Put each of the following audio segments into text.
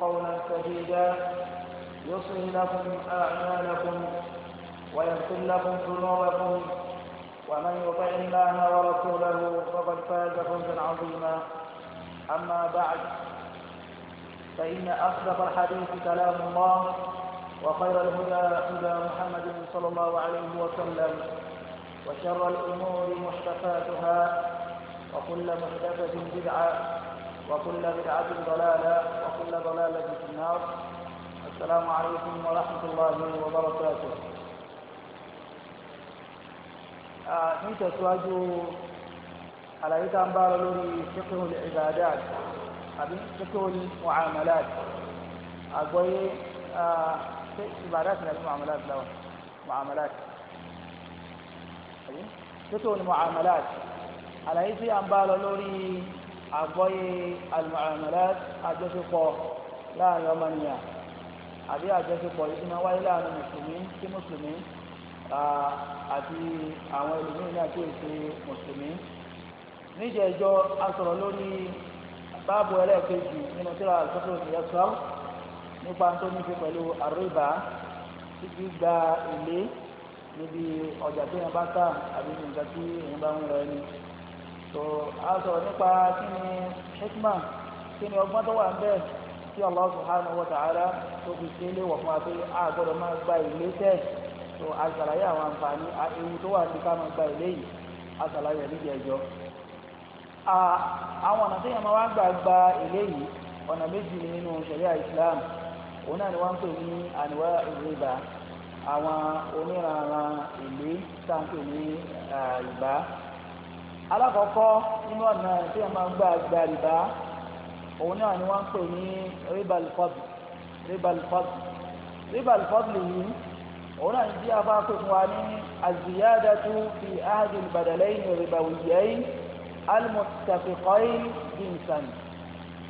قولا سديدا يصلح لكم أعمالكم ويغفر لكم ذنوبكم ومن يطع الله ورسوله فقد فاز فوزا عظيما أما بعد فإن أصدق الحديث كلام الله وخير الهدى هدى محمد صلى الله عليه وسلم وشر الأمور محدثاتها وكل محدثة بدعة وكل بدعة ضلالة وكل ضلالة في النار السلام عليكم ورحمة الله وبركاته ní tẹ̀síwájú àlàyé tá ń bá lọ lórí fiqhul ibadat àbí fiqhul muamalat àgbọ́yé ṣe ibadat ní àbí muamalat lọ́wọ́ muamalat àbí fiqhul muamalat àlàyé tí à ń bá lọ lórí àgbọ́yé al-muamalat àjọṣepọ̀ láàrin ọmọnìyàn àbí àjọṣepọ̀ yìí tí máa wáyé láàrin mùsùlùmí sí mùsùlùmí àti àwọn ẹlòmíín náà tó ṣe mùsùlùmí. níjẹ̀ẹ́jọ́ a sọ̀rọ̀ lórí báàbù ẹlẹ́ẹ̀kejì nínú tíra àlùfáà tó yẹ sọ́ọ́ nípa tó ní fi pẹ̀lú àríbá títí gba ilé níbi ọjà tó yẹn bá tà àbí nǹkan tí èèyàn bá ń rọ ẹni. So a sọ̀rọ̀ nípa kí ni hikma kí ni ọgbọ́n tó wà ń bẹ̀ tí Allah subhanahu wa ta'ala tó fi ṣe lé wọ̀ fún wa pé a gbọ́dọ̀ máa gba ìlé tẹ̀ tó a ṣàlàyé àwọn àǹfààní ewu tó wà ní ká máa gba ìlé yìí a ṣàlàyé ẹ̀ nídìí ẹjọ́ àwọn ọ̀nà téèyàn máa wá gbà gba ìlé yìí ọ̀nà méjì nínú ṣẹ̀ríà Islam òun náà ni wọ́n ń pè ní àníwá ìrìbà àwọn oníranran ìlé tá à ń pè ní ìbá alákọ̀ọ́kọ́ nínú ọ̀nà tí wọ́n máa ń gbà gba rìbá òun náà ni wọ́n ń pè ní ribalfọ́dù ribalfọ́dù ribalfọ́dù yìí òun náà ní bí a bá pè fún wa ní aziyadatu fi ahadi albadalaini ribawiyayi almutafiqai jinsan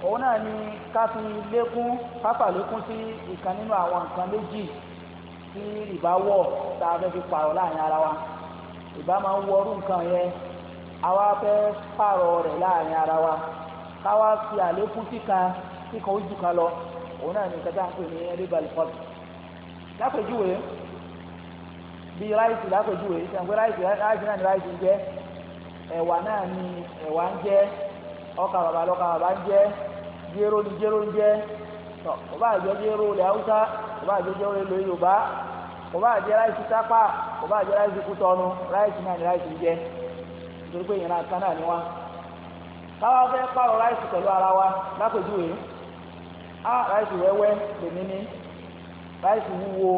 òun náà ni ká lékún kápá lékún sí ìkan nínú àwọn nǹkan méjì tí rìbá wọ̀ tá a fẹ́ fi pààrọ̀ láàrin ara wa rìbá máa ń wọrú nǹkan yẹn àwa fẹ́ pààrọ̀ rẹ̀ láàrin ara wa káwa fi àlékún kíkan kíkan ojú kan lọ òun náà ní nǹkan tá ní ribal pot lápèjúwe bíi ráìsì lápèjúwe sàǹgbé ráìsì ráìsì náà ní ráìsì ń jẹ ẹ̀wà náà ní ẹ̀wà ń jẹ ọkà bàbà lọkà bàbà ń jẹ jéró ní jéró ń jẹ tọ kò bá àjọ jéró ilẹ̀ haúsá kò bá àjọ jéró ilẹ̀ yorùbá kò bá àjẹ ráìsì sápà kò bá àjẹ ráìsì kútọ́nu ráìsì náà ní ráìsì ń jẹ nítorí pé ìran kan náà ni wá káwá fẹ́ pààrọ̀ ráìsì pẹ̀lú ara wa lápèjúwe á ráìsì wẹ́wẹ́ lèmi ní ráìsì wúwo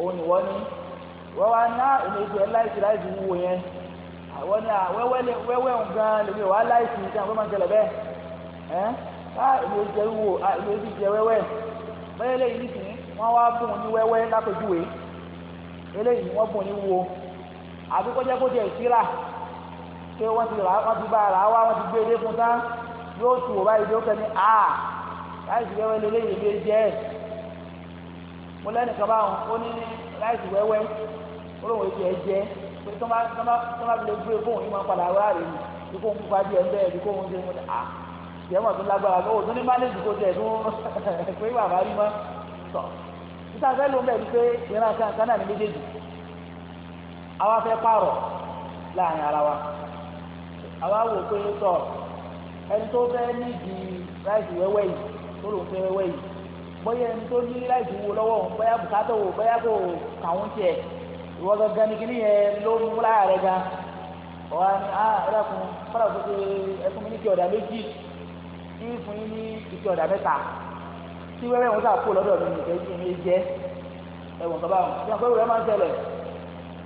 òun ìwọ ní wọ́n wá ná ìmẹ̀jọ láìsì ráìsì wúwo yẹn àwọn ní wẹ́wẹ́ ń gan lèmi wá láìsì ní sáà fẹ́ máa ń tẹ̀lẹ̀ bẹ́ẹ̀ ẹ́ ká ìmẹ̀jọ wúwo ìmẹ̀jọ jẹ wẹ́wẹ́ bẹ́ẹ̀ lẹ́yìn nísìnyí wọ́n wá bùn ní wẹ́wẹ́ lápèjúwe eléyìí wọ́n bùn ní wúwo àbíkọ́jẹ́ kó jẹ́ ìsíra pé wọ́n ti rà wọ́n ti bá ara wá wọ́n ti gbé ilé fún tán yóò tù wọ́n báyìí yóò kẹ́ni a láìsí wẹ́wẹ́ lélẹ́yìn lè jẹ́ ẹ̀ mo lẹ́nu kan báwọn ó ní láìsí wẹ́wẹ́ olóhùn ètò ẹ̀ jẹ́ pé tó má tó má tó má lè gbé fóun yìí máa padà wá rè mí bí kò ń kú fàájì ẹ̀ ń bẹ́ẹ̀ bí kò ń ṣe mo ní a tiẹ̀ mọ̀ tó lágbára tó o tún ní mánéjì kó tẹ̀ tó pé bàbá rí mọ́ tọ̀ títà fẹ́ ló ń àwa wò pé tọ ẹni tó fẹ́ nídìí ráìsì wẹ́wẹ́ yìí tó lòún fẹ́ wẹ́wẹ́ yìí bóyá ẹni tó ní ráìsì wo lọ́wọ́ bóyá bùkátà wò bóyá kò kàwọn tiẹ̀ ìwọ gangan ni kìnìún yẹn ló mú láyà gan ọ̀hà ni a ah, ẹ̀rọ kun fọlá tó ṣe ẹkún mi ní kí ọ̀dà méjì kí fún yín ní ìkí ọ̀dà mẹ́ta tí wẹ́wẹ́ wọn sà kó lọ́dọ̀ mi nìkẹ́ tí mi jẹ́ ẹ̀wọ̀n kaba wọn. ìyá pé wúrẹ́ máa ń tẹ̀lẹ̀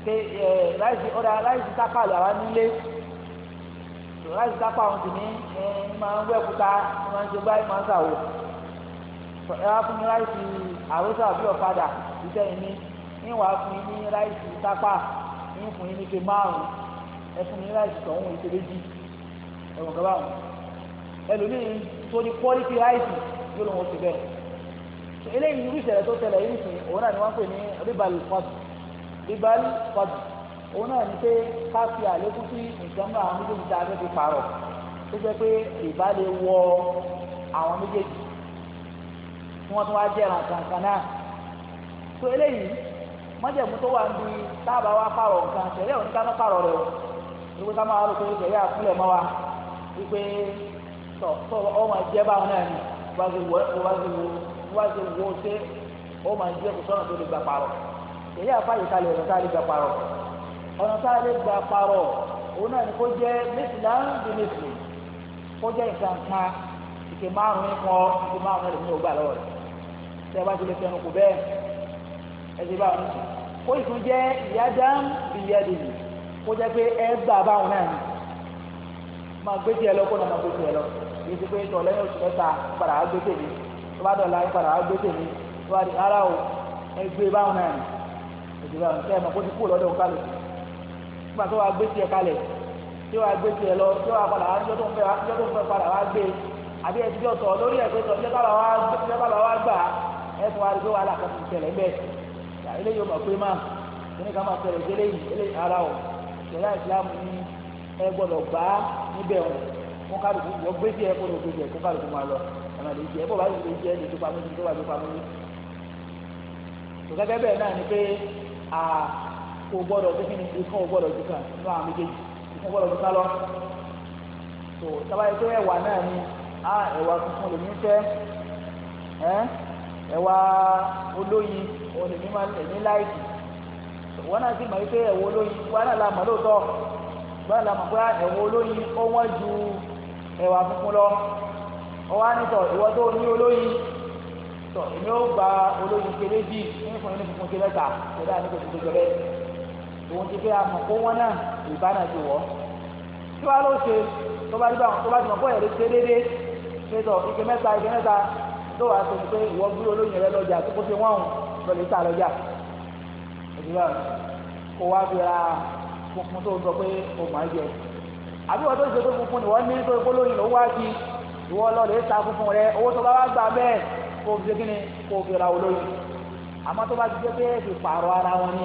pé ẹ̀ láìsí ọ̀dà láìsí sápàlù àwa nílé láti sápá àwọn sì ní máa ń wẹ́kúta máa ń ṣègbà máa ń ṣàwò ẹ wá fún mi láìsí àwòsàn àbí ọ̀padà ìṣẹ́ yìí ní ìwà fún yín ní láìsí sápá ní fún yín ní ṣe márùn-ún ẹ fún mi láìsí sọ̀hún ìṣe méjì ẹ̀wọ̀n kan báwọn ẹlòmíì tó ní quality láìsí yóò lóun ó ti bẹ́ẹ̀ eléyìí irú ìṣẹ̀lẹ̀ tó ṣẹlẹ̀ yìí nìsín òun náà ni wọ́n pè ní ribal fad ribal fad òun náà ní pé ká fi àlékún sí nǹkan náà àwọn méjèèjì tá a fẹ́ fi pààrọ̀ tó jẹ́ pé ìbá lè wọ àwọn méjèèjì tí wọ́n tún wá jẹ́ ẹ̀ràn kankan náà tó eléyìí mọ́jẹ̀mú tó wà ń bi táàbà wá pààrọ̀ nǹkan tẹ̀lé òní ká má pààrọ̀ rẹ̀ o wípé ká máa rò pé tẹ̀lé àkúlẹ̀ mọ́ wa wípé tọ̀ tọ̀ ọmọ ẹ̀jẹ̀ báwọn náà ni wọ́n wá sí wo ṣe ọmọ ẹ̀jẹ̀ kò sọ́nà tó lè gbà pààrọ̀ tẹ̀lé àfáyè kalẹ̀ ọ̀nà tá a lè gbà pààrọ̀ ọ̀nà tá a lè gbà parọ̀ òun náà ni kó jẹ́ mẹ́sìlá ń bí mẹ́sìlì kó jẹ́ ìsànkà ìké márùn-ún kọ́ ìké márùn-ún lè fún ògbà lọ́wọ́ rẹ̀ tẹ́ bá ti lè fẹnu kù bẹ́ẹ̀ ẹ ti bá wọn kó ìfún jẹ́ ìyájà ń bí ìyáde yìí kó jẹ́ pé ẹ gbà báwọn náà ni máa gbé tiẹ̀ lọ kó náà máa gbé tiẹ̀ lọ yìí ti pé tọ̀ lẹ́yìn oṣù mẹ́ta padà á gbé tèmi tó bá dọ̀la padà á gbé tèmi tó bá di ara o ẹ gbé báwọn náà ni ẹ ti bá wọn kẹ́ ẹ mọ̀ kó ti kú lọ́dọ̀ kálukú nígbà tó wàá gbé tiẹ̀ kalẹ̀ tí wàá gbé tiẹ̀ lọ tí wàá padà wá níjọ́ tó ń fẹ́ wá níjọ́ tó ń fẹ́ padà wá gbé àbí ẹ ti jọ sọ lórí ẹ̀ pé sọ níjọ́ tábà wá gbà ẹ fún wa rí pé wàhálà kan ti ṣẹlẹ̀ bẹ́ẹ̀ eléyìí ó mọ̀ pé má kíní ká máa ṣẹlẹ̀ délé yìí eléyìí ara ọ̀ ṣẹlẹ̀ ìsìlámù ní ẹ gbọ́dọ̀ gbà á níbẹ̀ wọn fún kálukú wọ́n gbé tiẹ̀ kó ló gbé tiẹ̀ fún kò gbọ́dọ̀ tó kíni ìkan ò gbọ́dọ̀ dùkà nínú àwọn méjèèjì ìkan gbọ́dọ̀ dùkà lọ. tó sábàá yìí pé ẹ̀wà náà ni á ẹ̀wà tuntun lèmi fẹ́ ẹ́ ẹ̀wà olóyin òun lèmi máa lèmi láìsí wọn náà sì mọ̀ wípé ẹ̀wà olóyin wọn náà la mọ̀ lóòótọ́ wọn náà la mọ̀ pé ẹ̀wà olóyin ó wọ́n ju ẹ̀wà funfun lọ ọwọ́ á ní sọ ìwọ tó ní olóyin tọ èmi ó gba olóyin kele bíi ní fún yín ní funfun kele ta kele àníkò tuntun jọ bẹ́ẹ̀ òun ti fẹ́ àmọ̀ kó wọ́n náà ìbáná ti wọ̀ tí wàá ló ṣe tó bá dìbò àwọn tó bá dìbò bóyá lè ṣe déédéé ṣe tọ̀ ike mẹ́ta ike mẹ́ta tó wàá sọ pé ìwọ gbúrò lóyìn rẹ lọ́jà tó kó ṣe wọ́n lọ lè ta lọ́jà òṣìṣẹ́ kó wá fi ra funfun tó ń sọ pé o máa jẹ àbí wọ́n tó ń ṣe pé funfun ni wọ́n ní tó kó lóyìn ló wá kí lọ lè ta funfun rẹ owó tó bá gbà bẹ́ẹ̀ kó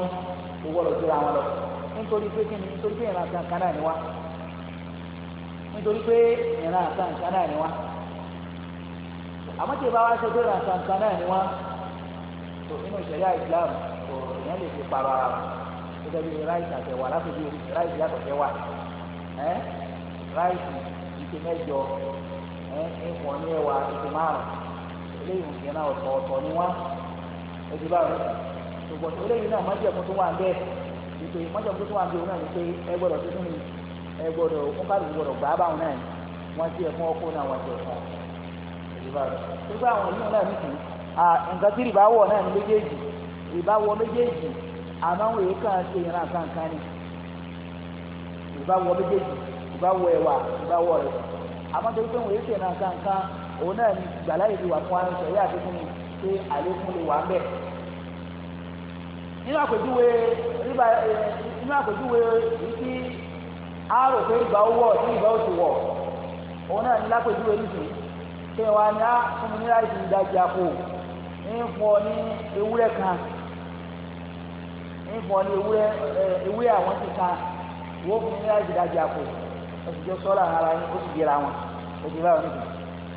o kò gbọdọ̀ síra wọn lọ nítorí pé kí ni nítorí pé ìran kan náà ni wá nítorí pé ìran kan náà ni wá àmọ́ tí ìbá wa ṣe pé ìran kan náà ni wá tó nínú ìṣẹ̀lẹ̀ kò ìyẹn lè fi parọ́ ara wọn bí ráìsì ní ìṣe márùn-ún ṣùgbọ́n eléyìí náà májẹ̀mú tó wà ń bẹ́ẹ̀ ìpè májẹ̀mú tó wà ń bẹ́ẹ̀ náà ni pé ẹ gbọ́dọ̀ tó tún ní ẹ gbọ́dọ̀ fún kálukú gbọ́dọ̀ gbà á báwọn náà ni wọ́n ti ẹ̀fún ọkọ náà wọ́n ti ẹ̀fún gbogbo àwọn ìlú náà nìkan nǹkan tí ìbá náà ní méjèèjì ìbá méjèèjì àmọ́ àwọn èyí kan ṣe ni ìbá wọ̀ méjèèjì ìbá wọ̀ ẹ̀wà ìbá wọ̀ rẹ̀ àmọ́ tó tó wọ̀ èyí ṣe ìran kankan òun náà ní ìgbàláyè ti wà fún àwọn ìṣẹ̀lẹ̀ àti fún mi pé nínú àpèjúwe nígbà nínú eh, àpèjúwe ìdí àárò pé ìgbà owó ọ̀tí ìgbà oṣù wọ̀ òun náà ní lápèjúwe nìsín pé wà ní àfúnmílá ìsìn ìdajì àpò ń fún ọ ní ewúrẹ́ kan ń fún ọ ní ewúrẹ́ eh, ewúrẹ́ àwọn ti kan wọ́n fún mi ní ìdajì àpò ẹ̀sìn jọ sọ́ọ́lá ara yín ó sì yẹra wọn ẹ̀sìn báwọn nìkan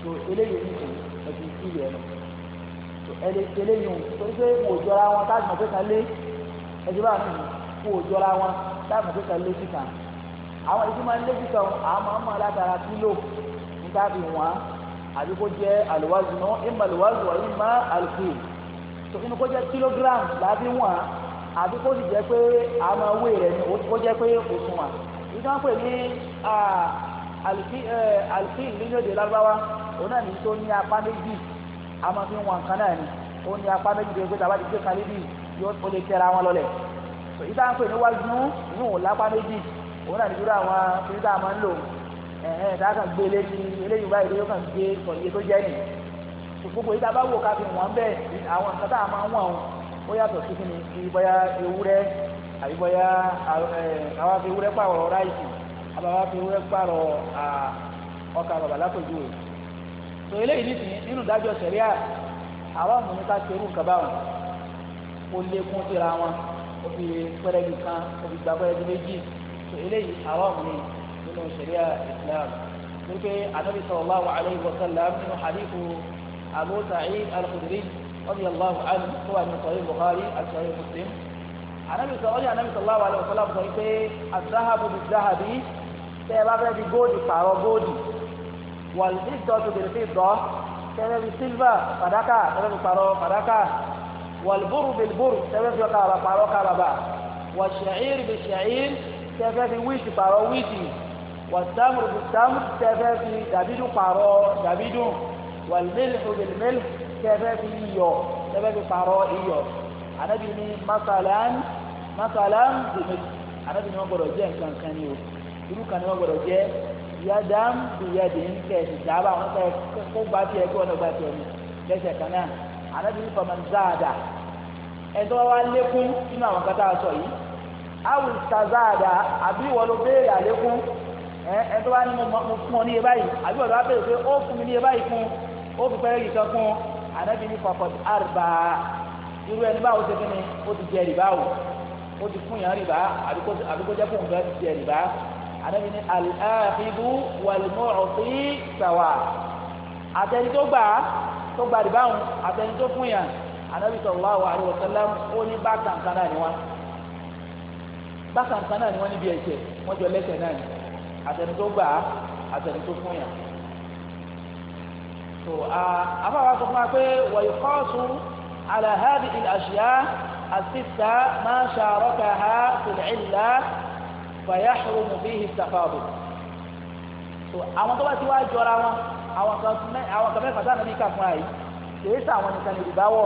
tó eléyìí nìkan ẹ̀sìn ìlú ẹ̀ nù ẹ̀lẹ́ eléyìí torí pé mo jọra wọn táàgì mọ̀ pé kan lé ẹjọ́ bá mi kó o jọra wọn táàmù tó kà lójú kan àwọn ìdúmọ̀ lójú kan àmọ́ ọmọ aládàra kílò níta fi wọ́n àbí kó jẹ́ àlùwájú náà ìmọ̀ àlùwájú wà ìmọ̀ àlùkù tó inú kó jẹ́ kílógíráàmù làbí wọ́n àbí kó sì jẹ́ pé àmọ́ owó rẹ̀ ni kó jẹ́ pé òṣùwọ̀n ìdí wọn pè ní àlùkù nínú èdè lárúbáwá òun náà ní tó ní apá méjì àmọ́ fi wọn kan náà ni ó ní apá méjì tó yẹ pé tàbá ti gbé kalẹ́ bíi yóò lè tẹ̀ra wọn lọlẹ̀ tó yìí tá à ń pè ní wájú inú òun lápá méjì òun náà nígbà àwọn kiri tá a máa ń lò ẹ̀hẹ́n tá a kàn gbé eléyìí eléyìí báyìí yóò kàn gbé sọ̀yẹ tó jẹ́ nìyí gbogbo yìí tá a bá wò ká fi wọ́n bẹ́ẹ̀ àwọn nǹkan tá a máa ń wọ̀n ó yàtọ̀ sí kí ni kí bóyá ewúrẹ́ àbí bóyá eh, àwa fi ewúrẹ́ pààrọ̀ ráìsì àbá wa fi ewúrẹ́ pààrọ̀ ọkà bàbà lápòjú rẹ̀ tó eléyìí nìsín nínú ìdájọ́ sẹ̀ríà àwa mú ní ká ṣerú nǹkan báwọn ó lékún síra wọn ó fi pẹ́rẹ́gì kan ó fi gba pẹ́rẹ́gì méjì tó eléyìí haram ni nínú ṣẹ̀ríà islam wípé anabi sallallahu alayhi wa sallam nínú hadithu abu sa'id al-khudri radiyallahu anhu tó wà ní sahih bukhari àti sahih muslim anabi sọ ọdún anabi sallallahu alayhi wa sallam sọ wípé azahabu bi zahabi tẹ́ ẹ bá fẹ́ fi góòdì pààrọ̀ góòdì wàlúùdì dọ́tù bèrè fi dọ́ tẹ́ ẹ bá fi sílvà fàdákà ẹ bá fi pààrọ̀ wàlúbùrù bìlúbùrù tẹ́fẹ́ fi kàrà pàrọ̀ kàrà bà wà ṣẹ̀yìn bì ṣẹ̀yìn tẹ́fẹ́ fi wíìtì pàrọ̀ wíìtì wà sámùrù bì sámùrù tẹ́fẹ́ fi dàbídùn pàrọ̀ dàbídùn wàlúmílù bìlúmílù tẹ́fẹ́ fi iyọ̀ tẹ́fẹ́ fi pàrọ̀ iyọ̀ anabi ni masalan masalan bìmí anabi ni wọ́n gbọ́dọ̀ jẹ́ nǹkan kan ni o irú kan ni wọ́n gbọ́dọ̀ jẹ́ yadam bìyàdì ń kẹ́ ẹ̀ dábàá wọn kẹ́ kó gba tiẹ̀ kó wọn gba tiẹ̀ ní lẹ́sẹ̀ kan náà anabi ni famanzada ẹ̀tọ́ wa lékún nínú àwọn kata sọ yìí awu tazada àbí wọ́n ló béèrè àlékún ẹ̀tọ́ wa ní mo fún ọ ní iye báyìí àbí wọ́n ló wá béèrè pé ó fún mi ní iye báyìí fún ó fi pẹ́rẹ́ ìtọ́ fún ànábì ní kọ̀kọ̀ àrùbá irú ẹni báwo ṣe kí ni ó ti jẹ rìbá o ó ti fún yàn rìbá àbí kó jẹ́ fún òǹgbà ti jẹ rìbá ànábì ní al-akhidhu wal-mu'ti sawa àtẹni tó gbà tó gbà rìbá òun àtẹni tó fún yàn anabi sallallahu alaihi wasallam ó ní bákan kan náà ni wọn bákan kan náà ni wọn níbi ẹ̀jẹ̀ wọn jọ lẹ́sẹ̀ náà ni àtẹni tó gbà á àtẹni tó fún yàn tó a afáwa sọ fún wa pé wọ́n kọ́ sùn ala hadhihi al-ashya' as-sitta ma sharakaha fil 'illa àwọn tó bá ti wá jọra wọn àwọn kan mẹ́fà sáà nàbí kà fún àyè. kìí àwọn nìkan yorùbá wọ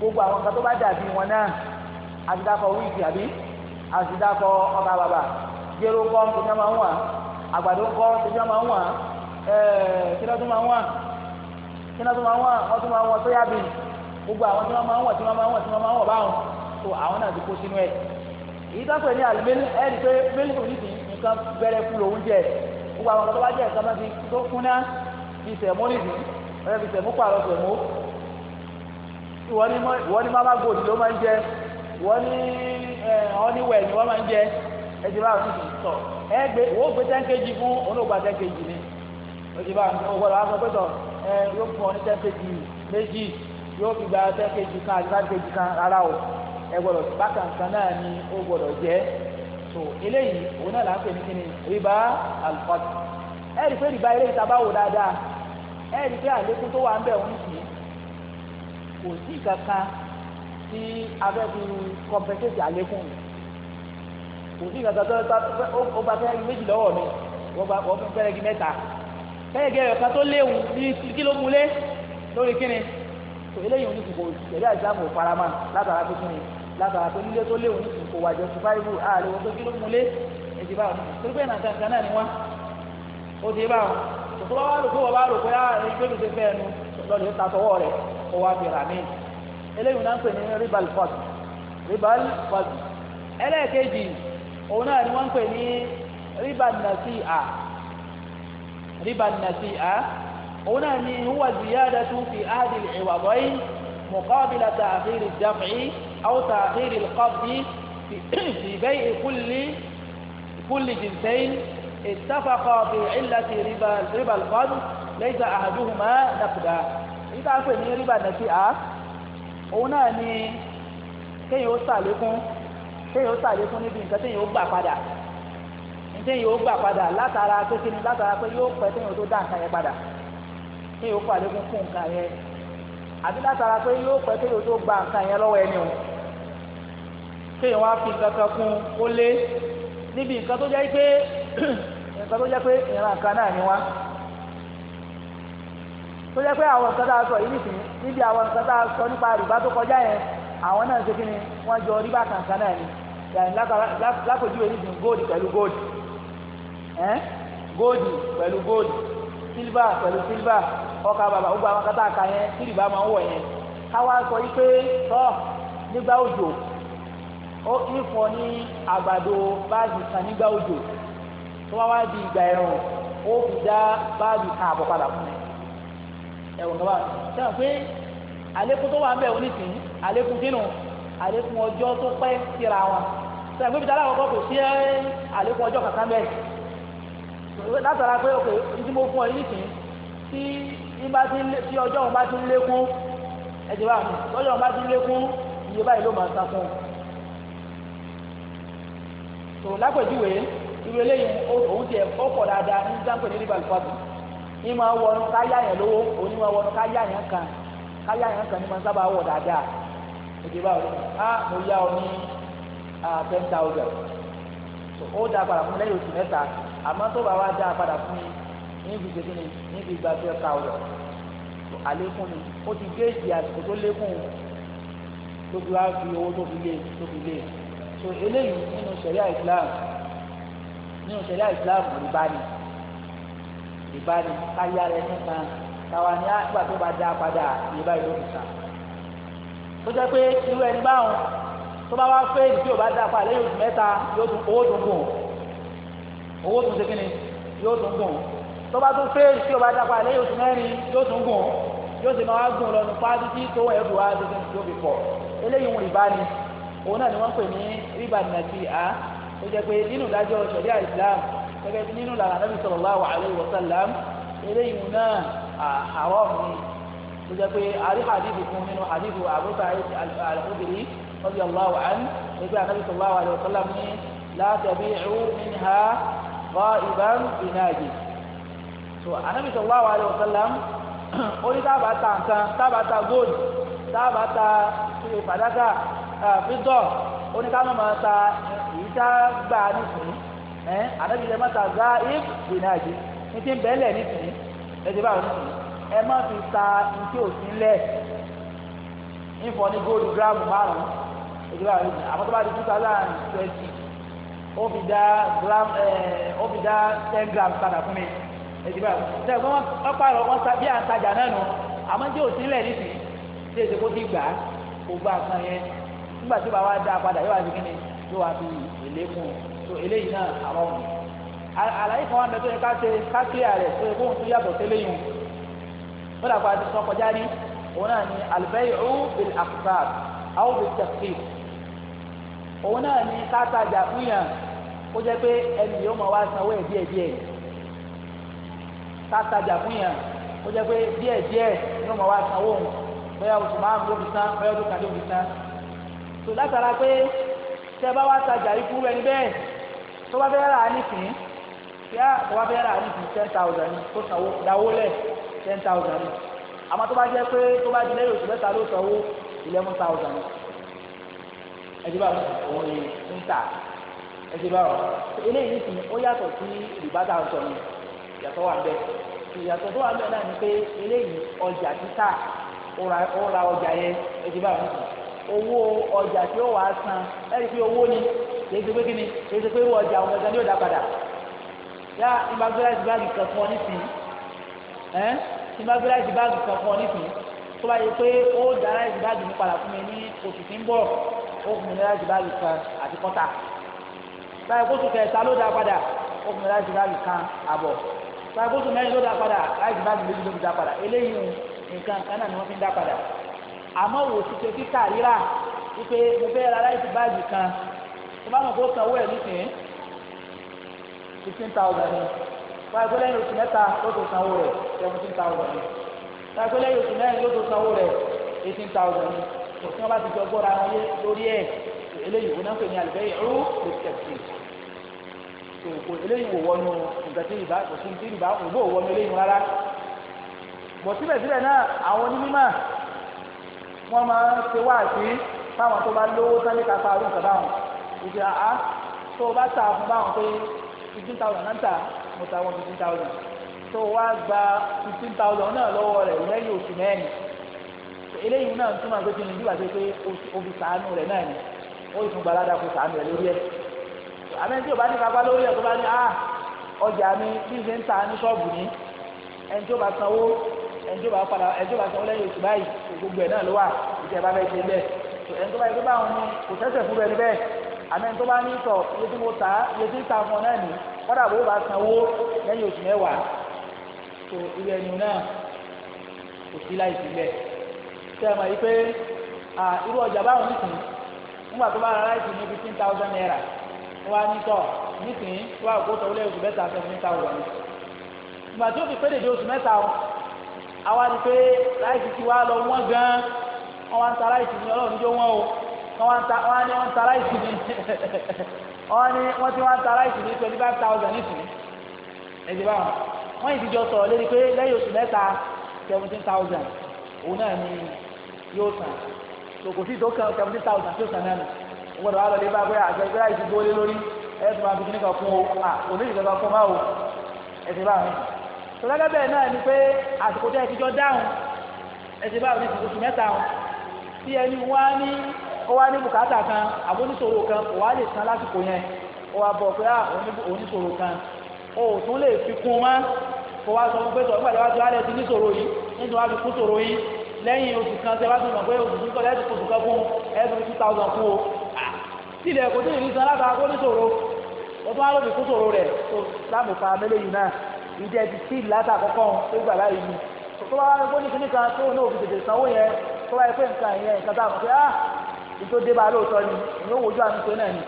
gbogbo àwọn kan tó bá dàbí wọn náà àtidakọ wíìkì àbí ọba bàbà jẹrọ kọ máa ń wà àgbàdo kọ máa ń wà kíná tó máa ń wà kíná tó máa ń wà máa ń wà sóyà bì gbogbo àwọn tí wọn ti kó sínú ẹ èyí tó ń ní pé kò ní ti nǹkan bẹ̀rẹ̀ fún jẹ gbogbo àwọn tó bá jẹ ọyọ fi tẹmú pààrọ̀ tẹmú ìwọ ní mama gold ló máa ń jẹ ìwọ ní ọníwẹ ni wọn máa ń jẹ ẹtì báwọn ní sọ ẹ gbé wo gbé ten kg fún onóògbà ten kg ni ẹtì báwọn ní ọgbọdọ wọn sọ pé sọ ẹ yóò fún ọ ní ten kg méjì yóò fi gba ten kg kan àti five kan rárá o ẹ gbọ́dọ̀ bákan kan náà ni ó gbọ́dọ̀ jẹ so eléyìí òun náà là ń pè ní kíni rìbá alùpàdù ẹ rí i pé rìbá eléyìí tá bá wò dáadáa ẹ rí i pé àlékún tó wà ń bẹ̀ ń sìn kò sí kankan tí abẹ́bí kọ́mpẹ́tẹ́tì àlékún kò sí kankan tó ó bá fẹ́rẹ́ méjì lọ́wọ́ mi wọ́n bá wọ́n fẹ́rẹ́ gi mẹ́ta fẹ́rẹ́ gẹ̀rẹ́ kan tó léwu ní kílómúlé lórí kíni tò eléyìí òní kò tẹ̀lé àìsàmù òfarama látara pé kíni látara pé nílé tó léwu ní kò wàjọ sí báyìí ààrẹ wọn tó kílómúlé èdè báwọn tó gbé nàkankan náà ni wọn ó ti báwọn tó bá wà lò pé wọ́n bá lò pé á ní gbé mi ṣe fẹ́ ẹnu lọ́dún yóò ta sọ́wọ́ rẹ̀ kó wá fi rà mí eléyìí náà ń pè ní ribal fọ́ọ̀tù ribal fọ́ọ̀tù ẹlẹ́ẹ̀kejì òun náà ni wọ́n ń pè ní ribal nasi'a ribal nasi'a òun náà ni huwa ziyadatu fi ahdi al-iwadayn muqabila ta'khir aw ta'khir al fi bay'i kulli kulli jinsayn اتفقا في علة ربا ربا القرض ليس أحدهما نقدا إذا pé ربا rìbá nàìjí a òun náà كي kéèyàn ó sàlékún kéèyàn ó sàlékún níbi nǹkan téèyàn ó gbà padà téèyàn ó gbà padà látara pé kí ni látara pé yóò pẹ́ téèyàn tó dá nǹkan yẹn padà kéèyàn ó fàlékún fún nǹkan yẹn àbí látara pé yóò pẹ́ kéèyàn tó gba nǹkan yẹn lọ́wọ́ ẹni o kéèyàn wá fi nǹkan kan kún ó níbi nǹkan tó jẹ́ pé nǹkan tó ìran kan náà ni wọ́n tó jẹ́ pé àwọn nǹkan tá a sọ yìí nìsín níbi àwọn nǹkan tá a sọ nípa rìbá tó kọjá yẹn àwọn náà ṣe kí ni wọ́n jọ rí bákan kan náà ni yàrá lápòjúwe nìsín góòdì pẹ̀lú góòdì ẹ́n góòdì pẹ̀lú góòdì sílvà pẹ̀lú sílvà ọkà bàbà gbogbo àwọn kan tá a kà yẹn máa ń wọ̀ yẹn káwá sọ yìí pé tọ́ nígbà òjò ó fọ ní àgbàdo báàgì kan tó bá wá di ìgbà ẹ̀rùn ó fi dá báàgì kan àbọ̀ padà fún mi ẹ̀wọ̀n kan báyìí sẹ́wọ̀n pé àlékún tó wà ń bẹ̀ wọ́n nísìnyí àlékún kínú àlékún ọjọ́ tó pẹ́ síra wọn sẹ́wọ̀n pé ibi tààlà àkọ́kọ́ kò sí àlékún ọjọ́ kankan bẹ́ẹ̀ látara pé òkè ìdí mo fún ọ nísìnyí tí ọjọ́ òun bá ti ń lékún ẹ̀jẹ̀ bá mi lọ́jọ́ òun bá ti ń lékún iye báyìí ló máa ń sá fún un. tòun irú eléyìí òun tiẹ̀ ọkọ̀ dáadáa ní sáńpẹ̀ ní rìbàlù fọ́ọ̀tù ní máa wọnú káyà yẹn lówó òní máa wọnú káyà yẹn kan káyà yẹn kan ní máa sábà wọ̀ dáadáa èdè báwo á mo yá ọ ní ten thousand ó dáa padà fún lẹ́yìn oṣù mẹ́ta àmọ́ tó bá wá dáa padà fún mi ní ibi ìṣèkí ni ní ibi ìgbà twelve thousand àlékún ni ó ti géèjì àsìkò tó lékún tó fi wá fi owó tó fi lé tó fi lé so eléyìí nínú ṣẹ̀ríà Islam ní òṣèlú àìsíláàmù ìbáni ìbáni káyà rẹ nìkan táwa ní àgbà tó bá dá padà ìyẹ́bá ìlú òkúta tó jẹ́ pé irú ẹni báwọn tó bá wá fẹ́ ìdí tí ò bá dá padà lẹ́yìn oṣù mẹ́ta yóò tún owó tún gùn owó tún ṣe kínni yóò tún gùn tó bá tún fẹ́ ìdí tí ò bá dá padà lẹ́yìn oṣù mẹ́rin yóò tún gùn yóò sì máa gùn lọ nípa títí tó wẹ̀ ẹ̀dùn wá ṣe kínni fi pọ̀ eléyìí wọn ìbáni òun náà ni wọ́n pè ní ríbà nàìjíríà ó jẹ́ pé nínú ìdájọ́ ṣẹ̀ríà Islam gẹ́gẹ́ bí nínú ìlànà Ànábì sallallahu alaihi wasallam eléyìí náà àárọ̀ mi ó jẹ́ pé àrí hadithu fún nínú hadithu Abu Sa'id al-Khudri radiyallahu anhu ẹgbẹ́ Ànábì sallallahu alaihi wasallam ní la tabi'u minha ghaiban binaji so Ànábì sallallahu alaihi wasallam ó ní tábà ta nǹkan tábà ta góòlù tábà ta fàdákà fídọ̀ ó máa ta tá a gbà nísìnyí ẹ ànábi lè má ta gá if gbìnàjì ní ti ń bẹ́ẹ̀ lẹ̀ nísìnyí ẹ ti bá wọn nísìnyí ẹ má fi ta ní tí ò sí lẹ̀ ìfọ̀ ní góòlù gíráàmù márùn ẹ ti bá wọn nísìnyí àmọ́ tó bá di two thousand twenty ó fi dá gram ẹ ó fi dá ten grams padà fún mi ẹ ti bá wọn nísìnyí ṣẹ́yìn wọ́n pààrọ̀ wọ́n sa bí à ń tajà náà nù àmọ́ tí ò sí lẹ̀ nísìnyí tí èsì kó ti gbà kó gbà kan yẹn nígbà tí bàbá dá padà yóò wá sí kí ni yóò wá bí èlé fún un tó eléyìí náà àwọn ọ̀hún àlàyé kan wà ní ẹjọ́ yẹn ká ṣe ká kílíà rẹ̀ tó yẹ kó ń tún yàtọ̀ tẹ́lẹ̀ yìí ó dàgbà àti sọ kọjá rí òun náà ni albay'u bil aqsar aw bil taqsir òun náà ni ká tajà fún yàn kó jẹ́ pé ẹnì yóò máa wá sanwó ẹ̀ díẹ̀ díẹ̀ ká tajà kó jẹ́ pé díẹ̀ díẹ̀ yóò máa wá sanwó òun bóyá oṣù márùn-ún ló fi san bóyá ọdún kan ló látara pé tẹ́ bá wá tajà ikú ẹni bẹ́ẹ̀ tó bá fẹ́ rà á nìsín tí a tó bá fẹ́ rà á nìsín ten thousand tó sanwó dáwó lẹ̀ ten thousand àmọ́ tó bá jẹ́ pé tó bá di lẹ́yìn oṣù mẹ́ta ló sanwó eleven thousand ẹ̀dínwó àwọn òun ni ń tà ẹ̀dínwó àwọn eléyìí nìsín ó yàtọ̀ sí ìbátà ọ̀sọ̀ mi yàtọ̀ wà bẹ́ẹ̀ ìyàtọ̀ tó wà bẹ́ẹ̀ náà ni pé eléyìí ọjà títà ó ra ọjà yẹn ẹ̀dínwó àwọn nìsín owó ọjà tí ó wà á san ẹ̀rí pé owó ni èyí tó pé kí ni èyí tó pé irú ọjà àwọn ọjà ni yóò dá padà yá ìmàgbéláìsì báàgì kan fún ọ nísìnyí ẹ ìmàgbéláìsì báàgì kan fún ọ nísìnyí tó bá yẹ pé ó dá láìsì báàgì mi padà fún mi ní oṣù tí ń bọ̀ ó fún mi ní láìsì báàgì kan àti kọ́tà báyìí kóṣù kẹta ló dá padà ó fún mi láìsì báàgì kan àbọ̀ báyìí kóṣù mẹ́rin ló dá padà láìsì báàgì méjì ló dá padà eléyìí nǹkan kan náà ni wọ́n fi ń dá padà àmọ́ wò ti ṣe kíkà rírà wípé mo fẹ́ ra láìsí báàgì kan tó bá mọ̀ kó sanwó ẹ̀ nísìnyí fifteen thousand ni wáyé pé lẹ́yìn oṣù mẹ́ta ló tó sanwó rẹ̀ seventeen thousand ni wáyé pé lẹ́yìn oṣù mẹ́rin ló tó sanwó rẹ̀ eighteen thousand ni kò sí wọn bá ti jọ gbọ́ra wọn yé lórí ẹ̀ eléyìí wọn náà pè ní àlùbẹ́yẹ̀ rú lè tẹ̀sí kò eléyìí wò wọnú nǹkan tí ìbá kò sí ní ìbá òbó wọnú eléyìí rárá bọ̀ síbẹ̀síbẹ̀ náà àwọn onímọ̀ wọ́n máa ń ṣe wáàsí fáwọn tó bá lówó sálẹ̀ ká fa arúgbó báwọn ìdí àá tó o bá tà fún báwọn pé fifteen thousand náà tà mo ta wọn fifteen thousand tó o wá gba fifteen thousand náà lọ́wọ́ rẹ̀ lẹ́yìn oṣù mẹ́rin eléyìí náà túmọ̀ pé kí ni bí wàá ṣe pé o fi sàánú rẹ̀ náà ni ó sì tún gbalada kó rẹ̀ lórí ẹ̀ àmì tí o bá ní kápá lórí ẹ̀ tó bá ní ọjà mi bí n ṣe ń ta ní ṣọ́ọ̀bù ní ẹni tí o bá sanwó ẹjọ́ bá padà ẹjọ́ bá sanwó lẹ́yìn oṣù báyìí gbogbo ẹ̀ náà ló wà ìjẹ́ bá bẹ́ẹ̀ ṣe bẹ́ẹ̀ tó ẹni tó bá yẹ pé báwọn ni kò sẹ́sẹ̀ fún bẹ́ẹ̀ bẹ́ẹ̀ àmọ́ ẹni tó bá ní sọ iye tí mo ta iye tí ń ta fún ọ náà nì kọ́dà bó bá sanwó lẹ́yìn oṣù mẹ́wàá tó ilé ẹni náà kò sí láì sí bẹ́ẹ̀ tẹ́ ẹ mọ̀ yìí pé irú ọjà báwọn nìsín nígbà tó bá ra láìsí ní fifteen thousand naira wọ́n á ní sọ nìsín wọ́n á kó sọ wọlé oṣù mẹ́ta seventeen thousand nígbà tó fi pé àwa ni pé láìsí ti wá lọ wọ́n gan wọ́n wá ń ta láìsí ní ọlọ́run jó wọ́n o wọ́n ní wọ́n ń ta láìsí ní wọ́n ní wọ́n ti wá ń ta láìsí ní twenty five thousand nísìnyí ẹ̀sìn báwọn wọ́n yìí ti jọ sọ̀rọ̀ lórí pé lẹ́yìn oṣù mẹ́ta seventeen thousand òun náà ni yóò tàn kò sí ìdókè seventeen thousand tí ó tàn náà nù wọ́n lọ́wọ́ lọ́dẹ bá bóyá àjọ ìgbéra ìdìbò lé lórí ẹ̀ẹ́dùn máa fi kíní kan fún o à òní ìjọba fún báwo ẹ̀sìn báwọn tọ́lágá bẹ́ẹ̀ náà ni pé àsìkò tẹ́ ẹ ti jọ dáhùn ẹ ti báwo ní oṣù mẹ́ta o tí ẹni wá ní ó wá ní bùkátà kan àbóníṣòro kan kò wá lè san lásìkò yẹn ó wá bọ̀ pé oníṣòro kan o ò tún lè fi kún mọ́ kò wá sọ fún pé sọ̀rọ̀ gbàdúrà tó wá lẹ́ẹ̀ ti níṣòro yìí nítorí wá fi kún ṣòro yìí lẹ́yìn oṣù kan tẹ́ wá tún mọ̀ pé oṣù tó kọ́ lẹ́ẹ̀tì oṣù kan fún ẹ̀ẹ́dùn two thousand fún o sílẹ̀ kò tí ì ní san látara kó níṣòro ó tún wá lóbi kún ṣòro rẹ̀ tó láàmùfà mélòó yìí náà ìdẹ́ ti sí ìlàtà àkọ́kọ́ wọn tó gbà láàyè mi tó bá wọn gbóni kíní kan tó náà fi tètè sanwó yẹn tó bá yẹ pé nǹkan yẹn nǹkan tá a fọ pé ah ètò débà lóòótọ́ ni èyí ó wojú àmì tó náà ni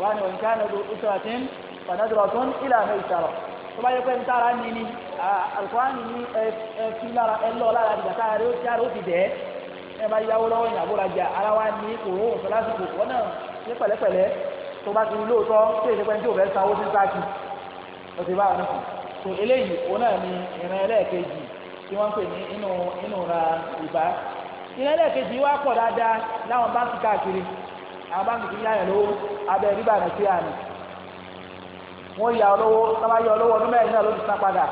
wà á ní òǹkà náà ló ó sọ̀rọ̀ tí ń fànàdúrà tó ń ìlànà ìsàrọ̀ tó bá yẹ pé nǹkan ara ní ni àlùfáàní ní ẹ fi lára ẹ lọ lára ìgbà tá a rí ó ti dẹ̀ ẹ so eléyìí òun náà ni ìran ẹlẹ́ẹ̀kejì tí wọ́n ń pè ní inú inú ra ìbá ìran ẹlẹ́ẹ̀kejì wá pọ̀ dáadáa láwọn báńkì káàkiri àwọn báńkì kì yáyàn lówó abẹ́ rìbá náà sí àná wọ́n yà olówó sábà yà ọdún mẹ́rin náà ló fi san padà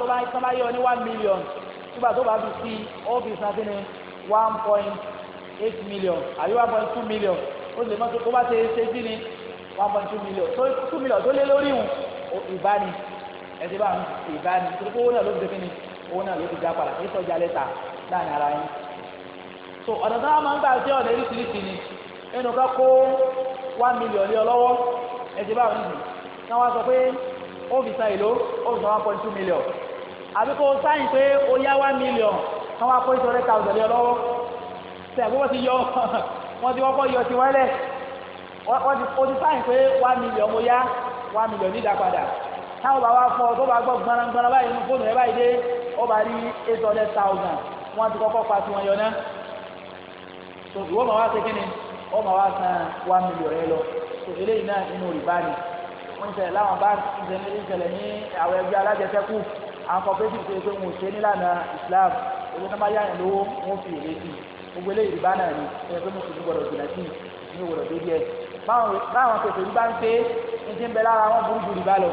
tó bá sábà yọ ní one million nígbà tó bá fi sí fi san sí ni one point ó lè mọ́tò tó bá ṣe ṣe bí ni one point two million tó two million tó lé lórí ìhùn ìbáni ẹ̀sẹ̀ bá ń ìbáni torí pé owó náà ló ti dẹ́kẹ́ni owó náà ló ti já padà èyí sọjá lẹ́tà láàrin ara yín so ọ̀nà tó wà máa ń gbà sí ọ̀nà eréṣiríṣi ni nínú ká kó one million lé ọ lọ́wọ́ ẹ̀sẹ̀ bá ń dùn ká wá sọ pé ó fi san èlò ó fi san one point two million àbí kó sáyìn pé ó yá one million ká wá kó ìṣòro thousand lé ọ lọ́wọ́ sẹ́ẹ̀ wọ́n ti kọ́kọ́ yọ tiwọn lẹ̀ wọ́n ti o ti sáyìn pé wá mílíọ̀n mo yá wá mílíọ̀n ní ìdápadà táwọn bàbá fún ọ tó bá gbọ́ gbanagbana báyìí nínú fóònù rẹ báyìí dé ó bá rí eight hundred thousand wọ́n ti kọ́kọ́ pa tiwọn yọ náà tó ìwọ́n máa wá ṣe kí ni wọ́n máa wá san wá mílíọ̀n rẹ lọ tó eléyìí náà inú rìbá ni wọ́n ń ṣẹlẹ̀ láwọn bá ń ṣẹlẹ̀ ní àwọn ẹgbẹ́ alájẹsẹ́kù àwọn kọ̀ọ̀pẹ́sì tó yẹ pé wọn ò ṣe nílànà Islam ìwé tó bá yáyàn lówó wọn fi èrè sí i gbogbo eléyìí rìbá náà ni ẹ̀yẹ pé mùsùlùmí gbọdọ̀ jìnnà sí i ní gbọdọ̀ dédé ẹ̀ báwọn kẹfẹ́ rí bá ń pé ní ti ń bẹ lára wọn burú ju rìbá lọ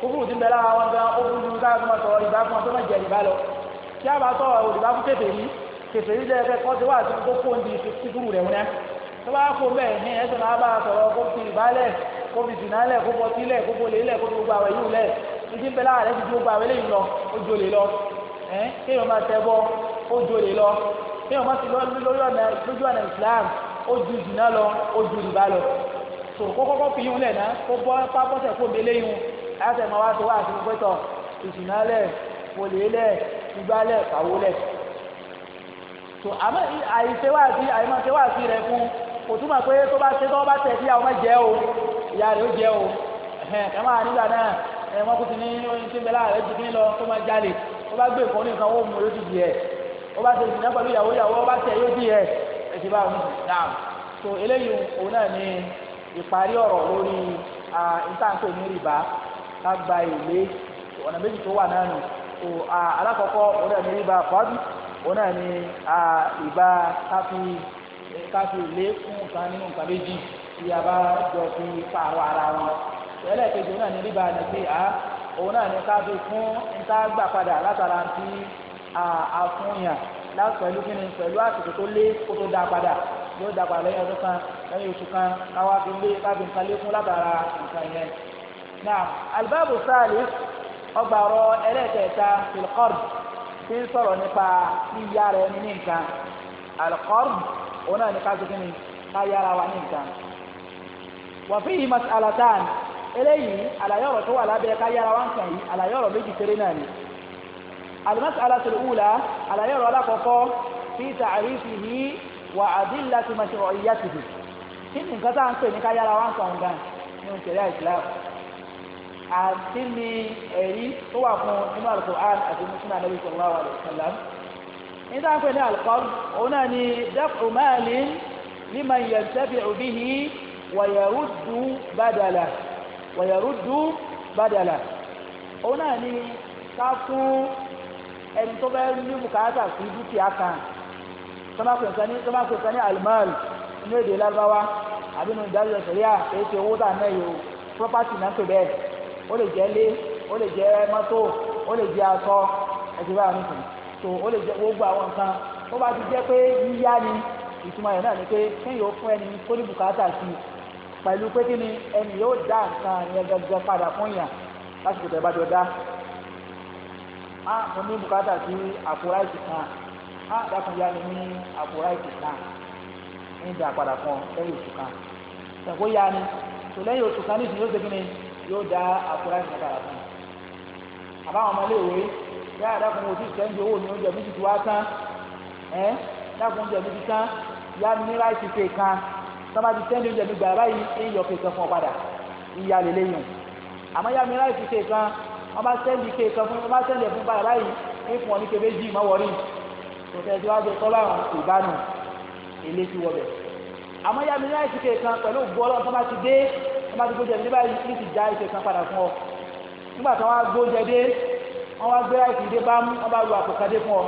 kúkúrú ti ń bẹ lára wọn gan ó burú ju rìbá fún ọtọ rìbá fún ọtọ mẹjẹ rìbá lọ tí a bá tọ rìbá fún kẹfẹ́ rí kẹfẹ́ rí lẹ́yìn kọ́ ti wá àti kó kó ń di kúkúrú rẹ̀ wọn tó bá kó bẹ́ẹ̀ ní ẹsẹ̀ máa bá a sọ̀rọ̀ kó fi rìbá lẹ̀ kó fi dùnà lẹ̀ kó bọtí lẹ̀ kó bolè lẹ̀ kó fi gbogbo àwẹ̀ yìí lẹ̀ ní ti ń bẹ lára rẹ̀ ti di gbogbo àwẹ̀ lẹ́yìn lọ ó tí wọn bá ti lọ lórí ọ̀nà lójú ọ̀nà Islam ó ju ìdùnnà lọ ó ju ìbá lọ tó kókókó fi yún lẹ̀ náà kó bọ́ pápọ́sẹ̀ kó mi léyìn àyàtọ̀ ìmọ̀ wá sí wá àti gbogbo ìtọ̀ ìdùnnà lẹ̀ wòlé lẹ̀ ìgbà lẹ̀ kàwó lẹ̀ tó àmọ́ àìsèwádìí àìmọ̀sèwádìí rẹ̀ fún òtúmọ̀ pé tó bá ṣe tó bá tẹ̀ sí àwọn ọmọ jẹ́ o ìyá rẹ̀ ó jẹ́ o ẹ máa nígbà náà ẹ wọ́n kú ti ní oyin tí ń bẹ láàrẹ̀ ju kí ń ó bá ṣe ìsìn náà pẹ̀lú ìyàwó ìyàwó ó bá tẹ̀ yóò ẹ̀ ẹ̀ bá wọn náà so eléyìí òun náà ni ìparí ọ̀rọ̀ lórí ìtànkè ní rìbá ká gba èlé ọ̀nà méjì tó wà náà nù so alákọ̀ọ́kọ́ òun náà ni rìbá fọ́dún òun náà ni ìbá káfí káfí lé fún nǹkan nínú nǹkan méjì tí a bá jọ fi pààrọ̀ ara wọn ẹlẹ́ẹ̀kejì òun náà ni rìbá nàìjíríà àfúnyà láti pẹ̀lú kíni pẹ̀lú àsìkò tó lé kó tó dá padà yóò dá padà lẹ́yìn ọdún kan lẹ́yìn oṣù kan káwá fi lé káfí nǹkan lékún látara nǹkan yẹn. náà alibabu sáàlì ọgbà ọ̀rọ̀ ẹlẹ́kẹ̀ẹ́ta filkọ́r ti ń sọ̀rọ̀ nípa yíyá rẹ̀ ní nǹkan alikọ́r òun náà ní káfí kíni ká yára wa ní nǹkan. wàfíì yìí masalatan eléyìí àlàyé tó wà lábẹ́ ká yára wa nǹkan yìí àlàyé méjì kéré náà ni. المسألة الأولى على يرى لك في تعريفه وأدلة مشروعيته kí ni nǹkan tá à ń pè ní káyára wá ń sọ nǹkan ní òṣèré islam àti ní ẹ̀rí tó wà fún nínú alukur'an àti musulman anabi sallallahu alayhi wa sallam ní tá à ń pè ní alukọ́r òun náà ni daf'u malin liman yantabi'u bihi wa yaruddu badala wa yaruddu badala òun náà ni ká fún ẹni tó bá ní bùkátà sí dúkìá kan tọ́mọ́pẹ̀sán ní tọ́mọ́pẹ̀sán ní alimọ́ọ̀lù inú èdè lárúbáwá àbí inú ìdájọ́ sẹ̀ríà èyí ti owó tà náà yìí o property náà pè bẹ́ẹ̀ ó lè jẹ́ lé ó lè jẹ́ mọ́tò ó lè jẹ́ aṣọ ẹ̀jẹ̀ báyọ̀ nìkan tó ó lè jẹ́ gbogbo àwọn nǹkan tó bá ti jẹ́ pé yíyá ni ìtumọ̀ yẹn náà ni pé kéèyàn ó fún ẹni tó ní bùkátà sí i pẹ̀lú pé kí ni ẹni yóò dá nǹkan yẹn gẹ́gẹ́ padà fún yàn lásìkò tẹ̀ bá jọ dá a ah, mo ní bùkátà sí àpò ráìsì kan a ah, dákun yá mi ní àpò ráìsì kan ní ìdá padà fún ọ lẹ́yìn oṣù kan ṣàkó yá ni tó lẹ́yìn oṣù kan nísìnyí ó ṣe kíni yóò dá àpò ráìsì padà fún ọ àbáwọn ọmọ iléèwé yá dákun mo ti sẹ́ńdì owó mi oúnjẹ mi ti ti wá tán ẹ́ dákun oúnjẹ mi ti tán yá mi ní ráìsì kéèkan tọ́ba ti sẹ́ńdì oúnjẹ mi gbà báyìí èyí yọ kéèkan fún ọ padà ìyá lè léyìn àmọ́ yá mi ráìsì kéèkan wọ́n bá sẹ́ndì ike kan fún wọ́n bá sẹ́ndì ẹ̀fún padà báyìí ní fún ọ ní kébé jì má wọrí kò tẹ̀sí wá jẹ tọ́lá àwọn ìbánu èlé ti wọbẹ̀ àmọ́ yá mi ní láìsí ike kan pẹ̀lú gbọ́lọ́ tó bá ti dé wọ́n bá ti gbójẹ ní báyìí ní ti já ike kan padà fún ọ nígbà tó wá gbójẹ dé wọ́n wá gbé láìsí dé bá mú wọ́n bá lu àpò kadé fún ọ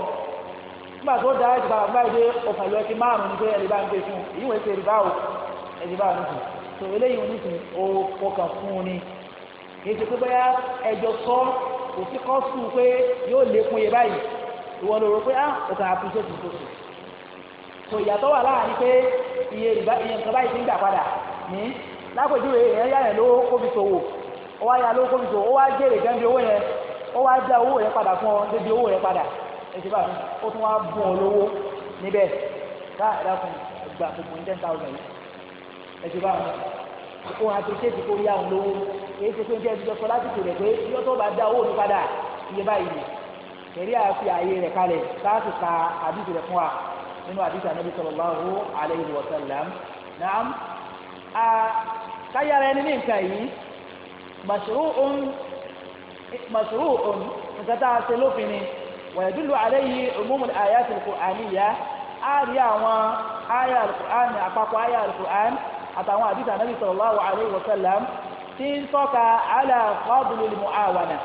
nígbà tó dá láìsí padà báyìí dé ọkàn lọ ẹkí márùn ní kìí ṣe bóyá ẹjọ́ sọ kò sí kọ́ sùn pé yóò lékún yẹ báyìí ìwọ ló pé o á fi sóṣù kò ìyàtọ̀ wà láàrin pé iye ìbá iye nǹkan báyìí ti ń gbà padà ní lápèjúwe èèyàn yẹn ya lówó kó fi ó wá jèrè gan bí owó yẹn ó wá já owó yẹn padà fún ọ débi owó yẹn padà èsì bá mi ó tún wá bùn ọ lówó níbẹ̀ ten thousand yìí èsì bá mi ó kì í ṣe pé ń jẹ́ ìjọsọ lásìkò rẹ̀ pé yọ tó bá dá owó mi padà iye báyìí ni kẹ̀rí àfi ààyè rẹ̀ kalẹ̀ láti ka àdìsí rẹ̀ fún wa nínú àdìsí ànábi sallallahu alayhi wa sallam naam káyàrá ẹni ní nǹkan yìí mashru'un mashru'un nǹkan tá a ṣe lófin ni wa yadullu alayhi umumul ayatil qur'aniyya á rí àwọn àyà al-Qur'an àpapọ̀ àyà al-Qur'an àtàwọn àdìsí ànábi sallallahu alayhi wa sallam tí ń tọ́ka àlà fọ́ọ̀dùlù lè mú àwànà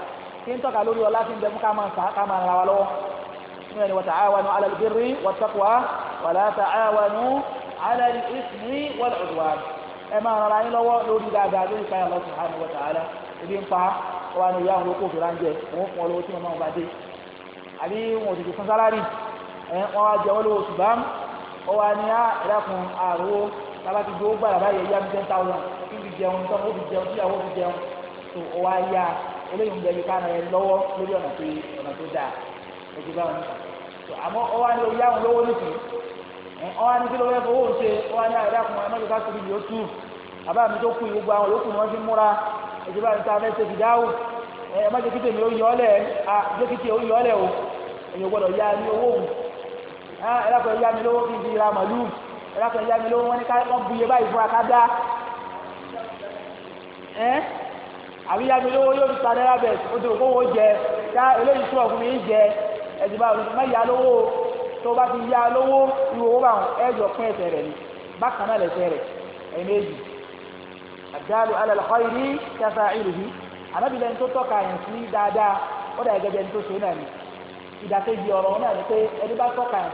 tí ń tọ́ka lórí ọlá tí ń dẹ̀mú ká máa sàá ká máa ra wa lọ́wọ́ nínú ẹni wọ́n ta'awanu ala al-birri wat-taqwa wa la ta'awanu ala al-ithmi wal-'udwan ẹ máa rara yín lọ́wọ́ lórí dáadáa lórí káyà Allah subhanahu wa ta'ala ibi ń pa wa ni ìyá àwọn òfin ránjẹ òun fún ọlọ́wọ́ tí wọn máa bá dé àbí wọn ò kí fi jẹun tó kó fi jẹun tí àwọn fi jẹun tó o wá yá eléyìí ń bẹ yíká rẹ lọ́wọ́ lórí ọ̀nà tó ọ̀nà tó dáa ojú bá wọn tó àmọ́ ọ wá ní o yá wọn lọ́wọ́ nìkan ọ wá ní kí ló fẹ́ fowó ṣe ọ wá ní àyẹ̀dá ah, kan anáyẹ̀ bá tóbi yóò tú àbá mi tó kú gbogbo àwọn yòókù ni wọ́n fi múra ojú bá wọn tó abẹ́ ṣe fìdáwò ẹ má jẹ́kítẹ̀ mi ó yọ ọ́lẹ̀ à ah, jẹ́kítẹ̀ ó yọ ọ́lẹ̀ o ẹ́ àbíyámi lówó yóò fi padà rábẹ̀ odò kówó jẹ ká eléyìí jẹ bá lówó tó bá ti lówó bá ẹ̀sẹ̀ rẹ̀ ni bákan náà lẹ̀sẹ̀ rẹ̀ ẹ̀mẹ́jì àdáàlú alàlùkọ́ yìí ní kẹfà ìlú yìí anábìlẹ̀ tó tọ́ka yẹn sí dáadáa ó dà gẹ́gẹ́ ní tó so náà ni ìdàkejì ọ̀rọ̀ náà ni pé ẹni bá tọ́ka yẹn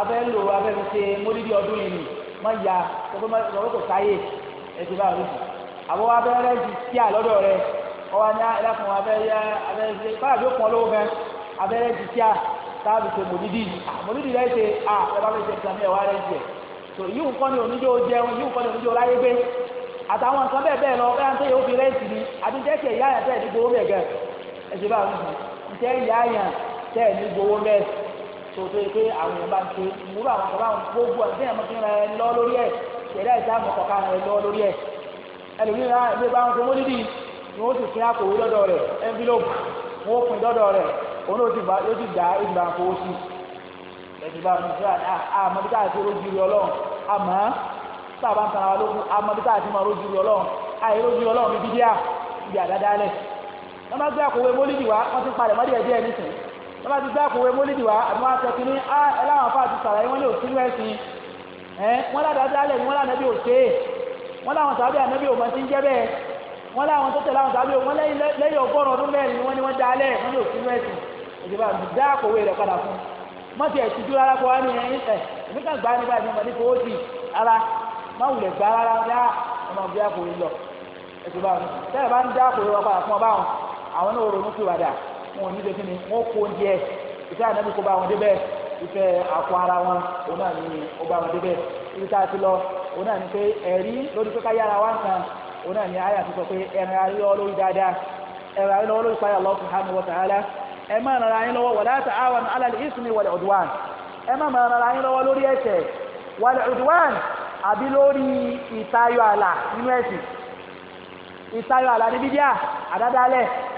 abẹ́ lò abẹ́ fi ṣe mólídìí ọdún yìí ni má ya tọ́gbọ́n má tọ́gbọ́n kò sáyè ẹ̀sìn bá rẹ̀ àbọ̀ abẹ́ rẹ̀ ti tí à lọ́dọ̀ rẹ̀ ọwọ́ ní ah, ẹlẹ́kùn abẹ́ yẹ abẹ́ ṣe báyà tó pọ̀ lówó fẹ́ abẹ́ rẹ̀ ti tí à sáàbì ṣe mólídìí mólídìí rẹ̀ ṣe à ẹ̀bá fi ṣe ìsàmì ẹ̀wá rẹ̀ jẹ tó yíwù kọ́ ni oníjó jẹun yíwù kọ́ ni oníjó láyé gbé àtàwọn nǹkan bẹ́ẹ̀ bẹ́ẹ̀ lọ bẹ́ẹ̀ àtẹ́yẹ òfin rẹ̀ sì ni àti jẹ́kẹ̀ ìyá àyàn tẹ́ẹ̀ ní gbowó mẹ́gẹ̀ ẹ̀sìn bá rẹ̀ ẹ̀sìn bá rẹ̀ ẹ̀sìn bá rẹ̀ ẹ̀sìn bá rẹ̀ ẹ̀sìn bá rẹ̀ ẹ̀sìn bá rẹ̀ ẹ̀sìn tòótọ́ yìí pé àwọn èèyàn bá ń ṣe ìmúrò àwọn ọ̀gá àwọn gbogbo ẹ̀ sẹ́yìn máa ẹ lọ lórí ẹ̀ ṣẹ̀dá ìsáàmù kọ̀ọ̀kan rẹ lọ lórí ẹ̀ ẹlòmíràn ẹgbẹ́ bá ń ṣe mólídì ni wọ́n sì fi akòwé lọ́dọ̀ rẹ̀ envelope wọ́n pin lọ́dọ̀ rẹ̀ òun ló ti gbà ti gbà fowó sí ẹ̀sìn bá mi sọ́ra wọ́n bá ti gbá kòwé mólídì wá àbí wọ́n á sọ kínní á ah, ẹláwọn afá àti sàlàyé wọ́n ní òsínú ẹ̀sìn ẹ̀ wọ́n ládàáda lẹ̀ wọ́n lànàbí òṣè wọ́n làwọn sàbẹ̀ ànàbí òmọ̀ ti ń jẹ́ bẹ́ẹ̀ wọ́n làwọn tó tẹ̀lé àwọn sàbẹ̀ wọ́n lẹ́yìn ọgọ́rùn ọdún mẹ́rin wọ́n ni wọ́n da alẹ́ wọ́n ní òsínú ẹ̀sìn ìjọba dá kòwé rẹ̀ padà fún mọ́tì ẹ̀ ti dúró rárá kó wá ní ẹ̀yìn ẹ̀ èmi kàn gbá nígbà tí mo ní fowó sí wọn ní dẹ́kun ni wọ́n kó oúnjẹ ìfẹ́ ànábì kó bá wọn débẹ̀ ìfẹ́ ara wọn òun náà ni ó bá wọn débẹ̀ ibi tá a ti lọ òun náà ni pé ẹ̀rí lórí pé ká yára wá nǹkan òun náà ti sọ pé lórí dáadáa lórí 'ala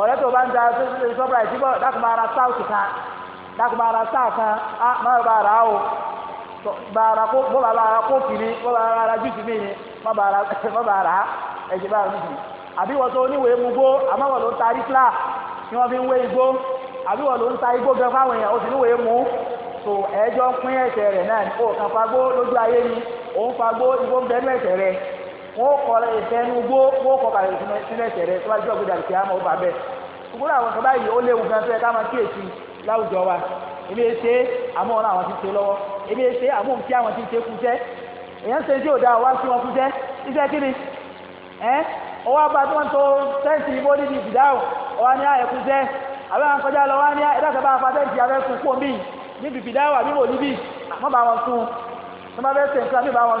ọ̀rẹ́ tó bá ń da sọ́bìrà ìdíbọ̀ dákùnmá ara sáùtì kan dákùnmá ara sáà kan á máa bá ara o bá ara kó bó bá ara kófì ni bó bá ara júùsì mí ni má bá ara ẹ̀jẹ̀ bá ara nìyí àbí wọ́n tó oníwèé mu gbó àmọ́ wọ́n ló ń ta ríflà ni wọ́n fi ń wé igbó àbí wọ́n ló ń ta igbó gan fáwọn èèyàn ó sì níwèé mu so ẹ̀ẹ́jọ́ pín ẹ̀sẹ̀ rẹ̀ náà ó kàn fagbó lójú ayé ni òun fagbó igbó ń bẹ́ẹ̀ wọ́n kọ́ ìfẹ́ nu gbó wọ́n kọ́ kàlẹ́ sínú ẹ̀sẹ̀ rẹ tó bá jẹ́ ọ̀gbẹ́dà kí á mọ̀ ó bà bẹ́ẹ̀ gbogbo àwọn ìṣọba yìí ó léwu gan fẹ́ ká máa kíyèsí láwùjọ wa ebi ese àmọ́ ọ̀nà àwọn ti ṣe lọ́wọ́ ebi ese àmọ́ òun tí àwọn ti ṣe kú jẹ́ èèyàn ṣe tí ò dáa wá sí wọn kú jẹ́ iṣẹ́ kí ni ẹ́ ọwọ́ abá tí wọ́n tó tẹ́ǹtì ibó níbi ìdáhùn ọwọ́ ní àyẹ̀kú jẹ́ àbẹ́ wọn kọjá lọ wá ní ẹ̀dàkẹ́bá afátẹ́ǹtì abẹ́kùn fún mi níbi ìdáhùn àbí wò níbi àmọ́ bá wọn sùn tó bá fẹ́ sẹ̀ nǹkan àbí bá wọn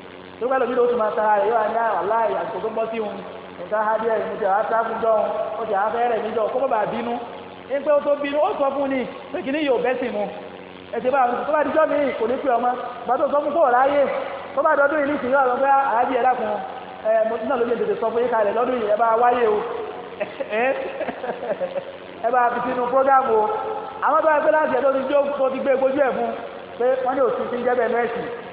tó gbàlọ́ bí ló tún máa tara rẹ̀ yóò ní àláì ah, àti tó gbọ́ sí òun nǹkan á díẹ̀ mo ti àá sáfún dọ́hun mo ti àá fẹ́rẹ̀ mi jọ kó má bàa bínú ní pé ó tó bínú ó sọ fún ni pé kì ní yóò bẹ́ sí mu ẹ̀sẹ̀ bá tó bá dijọ́ mi kò ní pé ọmọ bá tó sọ fún kó ráyè tó bá dọdún yìí nísìnyí wà lọ pé ah, àádìí ẹ̀ dákun ẹ̀ mo ti náà lóye tètè sọ fún yín kalẹ̀ lọ́dún yìí ẹ bá wáyé o ẹ bá fi sínú prógámù o àwọn tó bá gbé láti ẹ̀ tó ti gbé gbójú ẹ̀ fún pé wọ́n ní òsì ti ń jẹ́ bẹ́ẹ̀ nọ́ọ̀sì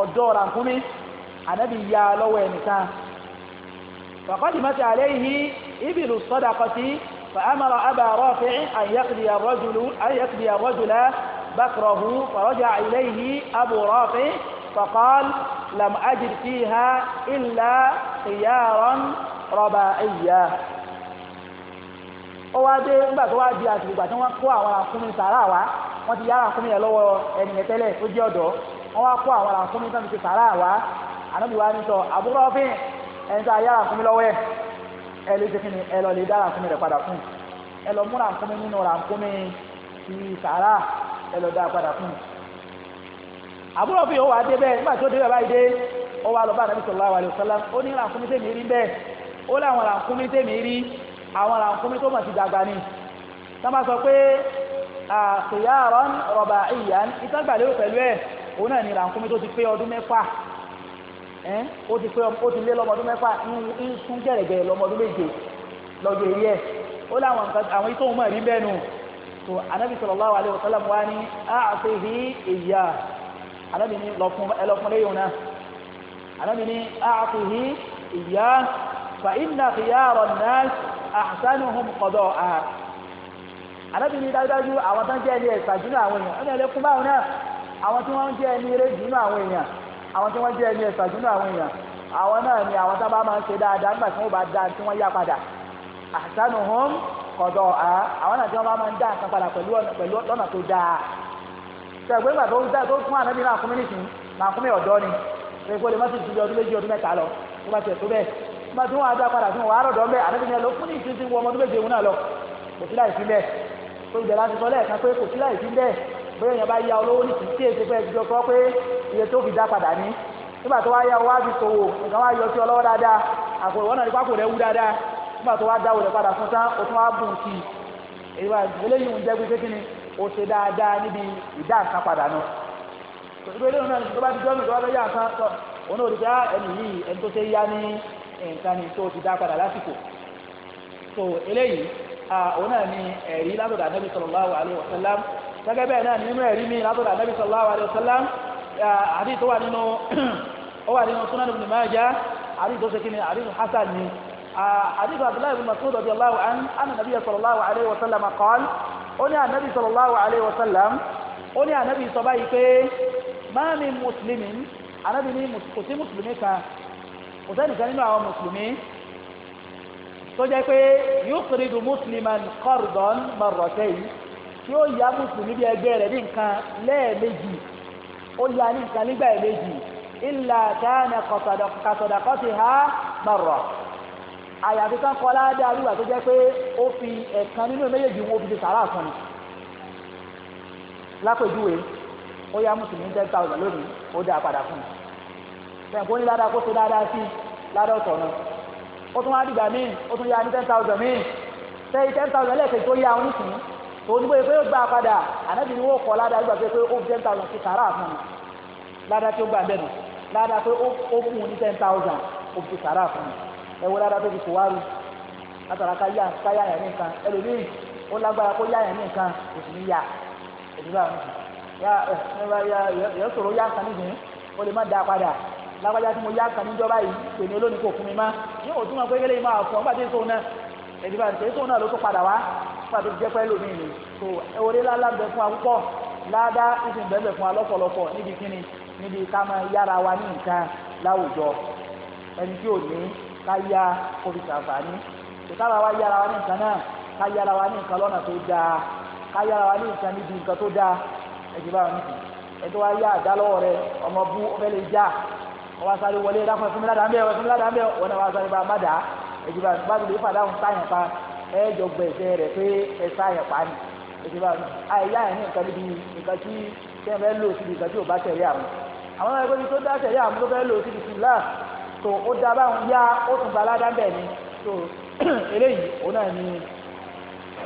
ọ̀dọ́ ràkúnmí ànábì ya lọ́wọ́ ẹnìkan fàkọ́dì mọ́tì àlẹ́ yìí ibilu sọ́dàkọ́tì fàámàrà àbà rọ́ọ̀fẹ́ àyẹ̀kìdì àrọ́jùlá بكره فرجع إليه أبو رافع فقال لم أجد فيها إلا خيارا رباعيا ó wá dé nígbà tó wá di àsìkò ìgbà wọ́n wá kó àwọn àràfún mi sáfi ṣe sàrà wá ànábì wa ní sọ àbúrò ọ̀fìn ẹni tá a yára fún mi lọ́wọ́ ẹ̀ ẹ lè ṣe kí ni ẹ lọ lè dá àràfún mi rẹ̀ padà fún ẹ lọ mú àràfún mi nínú àràfún mi ti sàrà ẹ lọ dá padà fún àbúrò ọ̀fìn yóò wá dé bẹ́ẹ̀ nígbà tó dé bẹ́ẹ̀ báyìí dé ó wá lọ bá ànábì sallallahu alaihi wasallam ó ní àràfún mi tèmi rí bẹ́ẹ̀ ó láwọn àràfún mi tèmi rí àwọn àràfún mi tó mọ̀ ti dàgbà ni tá a máa sọ pé àṣeyàrán rọ̀bà ìyá ìtàgbàlérò pẹ̀lú ẹ̀ òun náà ní ràkúnmí tó ti pé ọdún mẹ́fà ẹ́ ó ti pé ó ti lé lọ́mọ ọdún mẹ́fà ń sún gẹ̀rẹ̀gẹ̀rẹ̀ lọ́mọ ọdún méje lọ́jọ́ èyí ẹ̀ ó láwọn nǹkan àwọn itó mọ̀ rí bẹ́ẹ̀ nù tó anábì sallallahu alaihi wasallam wá ní a'tihi ìyá anábì ní ẹlọ́kùn léyìn náà anábì ní a'tihi ìyá fa inna khiyara an-nas ahsanuhum qada'a anábì ní dájúdájú àwọn tó jẹ́ ilé ẹ̀sàjú náà àwọn èèyàn ó ní ẹlẹ́kùn báwọn náà àwọn tí wọ́n ń jẹ́ ẹni eré jùlọ àwọn èèyàn àwọn tí wọ́n jẹ́ ẹni ẹ̀sà jùlọ àwọn èèyàn àwọn náà ni àwọn sábà máa ń ṣe dáadáa nígbà tí wọ́n bá dáa tí wọ́n yá padà àṣàánú hàn kọ̀dọ̀ à àwọn náà tí wọ́n bá máa ń dá nǹkan padà pẹ̀lú lọ́nà tó dáa ṣẹ̀gbẹ́ nígbà tó ń dá tó fún ànábì náà fún mi nìsín máa fún mi ọ̀dọ́ ni pé kó lè má sì ju bí ọdún méjì ọdún mẹ́ta lọ tó bá tiẹ̀ tó bẹ́ẹ̀ má tí wọ́n á dá padà fún wàá rọ̀dọ̀ bẹ́ẹ̀ ànábì náà ló fún nìsín sí wọ ọmọ ọdún méje òun náà lọ kò sí láì fi bẹ́ẹ̀ tó ìjọba ti sọ lẹ́ẹ̀kan pé kò sí láì fi bẹ́ẹ̀ bóyá èèyàn bá yá olówó ní títí èsì fẹ́ jọ sọ pé iye tó fi dá padà ní nígbà tó wá yá wá fi sòwò nǹkan wá yọ sí ọlọ́wọ́ dáadáa àpò ìwọ́n náà ní pákó rẹ̀ wú dáadáa nígbà tó wá dáwò rẹ̀ padà fún tán o tún wá bùn sí i èyí wá eléyìí ń jẹ́ pé kékeré o ṣe dáadáa níbi ìdá nǹkan padà nù ìgbé lónìí náà tó bá ti jọ́mì tó bá fẹ́ yá nǹkan tọ̀ òun ò rí bá ah, ẹni yìí ẹni tó ṣe yá ní nǹkan ni tó ti dá padà lásìkò tó eléyìí ah, òun náà ni ẹ̀rí látọ̀dọ̀ anábì sallallahu alaihi wasallam gẹ́gẹ́ bẹ́ẹ̀ náà nínú ẹ̀rí mi látọ̀dọ̀ Ànábì sallallahu alaihi wasallam àti tó wà nínú ó wà nínú Sunan Ibn Majah àti tó ṣe kíni àti hasan ni àti tó Abdullahi ibn Mas'ud radiyallahu anhu anna Nabiy sallallahu alaihi wasallam qala ó ní Ànábì sallallahu alaihi wasallam ó ní Ànábì sọ báyìí pé ma min muslimin Ànábì ní kò sí mùsùlùmí kan kò tí ó yá mùsùlùmí bí ẹgbẹ́ rẹ̀ ní nǹkan lẹ́ẹ̀mejì ó yá ní nǹkan nígbà ẹ̀mejì ìlà káàna kàtọ̀dàkọ́tì ha bàrọ̀ àyàfi kan kọ́ ládé àríwá tó jẹ́ pé ó fi ẹ̀kan nínú méjèèjì wọn ó ti sàrà fún mi lápèjúwe ó yá mùsùlùmí ten thousand lónìí ó dá padà fún mi sẹ̀ǹkó ní ládàá kó tó dáadáa sí ládàá ọ̀tọ̀ náà ó tún wá dìgbà míì ó tún yá ní ten thousand míì sẹ́yìn ten thousand lẹ́ẹ̀kejì tó yá onísìnyí tòun gbé pé ó gbà padà ànábì ni wọ́n kọ́ ládàá gbà pé ó ten thousand sí sàrà fún un ládàá tí ó gbà bẹ́ẹ̀ nù ládàá pé ó fún un ní ten thousand ó fi sàrà fún un ẹ wo ládàá tó fi kò wáru látara ká yá ká yá yẹn nìkan ẹlòmíì ó lágbára kó yá yẹn nìkan kò sì ní yá ìdúrà mi yá ẹ ẹ sọ̀rọ̀ yá kan nídìí ó lè má dáa padà lágbájá tí mo yá kan níjọba yìí pè ní olónìí kò fún mi má ní òtún mọ̀ pé kélé yìí máa fún ọ ẹ̀dìbà nítorí tóun náà ló tún padà wá fún àti jẹ́ pẹ́lú mi ni tó orí lálá bẹ fún wa púpọ̀ ládá ìsìn bẹ́ẹ̀ fún wa lọ́pọ̀lọpọ̀ níbi kíni níbi ká máa yára wa ní nǹkan láwùjọ ẹni tí ò ní ká yá kóbi sàǹfààní ìkára wa yára wa ní nǹkan náà ká yára wa ní nǹkan lọ́nà tó dáa ká yára wa ní nǹkan níbi nǹkan tó dáa ẹ̀dìbà níbi ẹ̀dọ́ wa yá àdá lọ́wọ́ rẹ ọmọ bú ọ ìjọba gbàgbé ìfàdáhùn sáyẹn pa ẹ̀ẹ́dọ̀ gbẹ̀sẹ̀ rẹ̀ pé ẹ sáyẹn pa ni ìjọba àìyá ẹ̀ ní nǹkan níbi nǹkan tí sẹ́yìn fẹ́ lò síbi nǹkan tí ò bá tẹ̀lé àwọn àwọn ọmọ ẹgbẹ́ tó dá tẹ̀lé àwọn tó fẹ́ lò síbi sí láà tó ó dá báwọn yá ó tún gba aládá bẹ́ẹ̀ ni tó eléyìí òun náà ni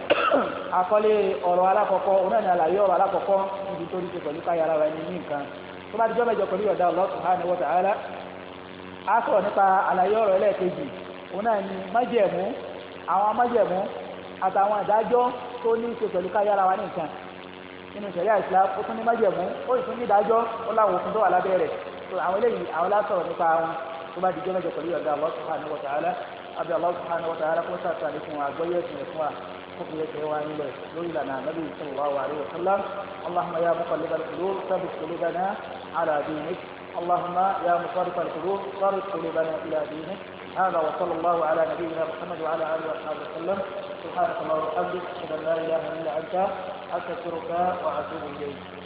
àkọlé ọ̀rọ̀ alákọ̀ọ́kọ́ òun náà ni àlàyé ọ̀rọ̀ alákọ̀ọ́kọ́ níbi tó ní ṣe pẹ̀lú káyà ara ẹni ní nǹkan tó bá ti jọ́ mẹ́jọ pẹ̀lú ọ̀dà Allah subhanahu wa ta'ala á sọ̀rọ̀ nípa àlàyé ọ̀rọ̀ ẹlẹ́ẹ̀kejì òun náà ni májẹ̀mú àwọn májẹ̀mú àtàwọn àdájọ́ tó ní í ṣe pẹ̀lú káyára wa ní nǹkan nínú ìṣẹ̀lẹ̀ Islam ó tún ní májẹ̀mú ó sì tún ní ìdájọ́ ó láwọn òfin tó wà lábẹ́ rẹ̀ tó àwọn eléyìí àwọn lásọ̀rọ̀ nípa wọn tó bá dìjọ́ mẹ́jọ pẹ̀lú ọ̀gá Allah subhanahu wa ta'ala abẹ́ Allah subhanahu wa ta'ala kó sàtà lẹ́kùn àgbọ́yé ẹ̀sìn ẹ̀fún wa kó fi ẹsẹ̀ wa nílẹ̀ lórí ìlànà ànábì sallallahu alaihi wa sallam Allahumma ya muqallibal qulub thabbit qulubana ala هذا وصلى الله على نبينا محمد وعلى اله وصحبه وسلم سبحانك اللهم وبحمدك اشهد ان لا اله الا انت استغفرك واتوب اليك